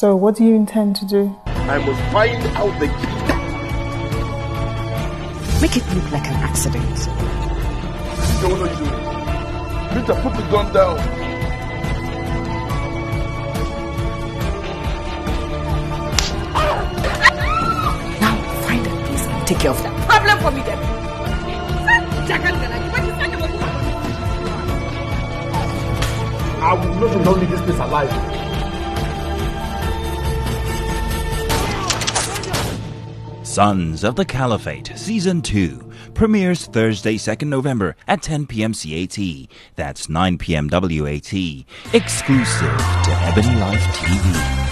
So, what do you intend to do? I must find out the key. Make it look like an accident. You know what you do? Peter, put the gun down. Now find take care of that problem for me then. I will not only this place alive. Sons of the Caliphate Season 2 premieres Thursday, 2nd November at 10 p.m. CAT. That's 9 p.m. WAT. Exclusive to Ebony Life TV.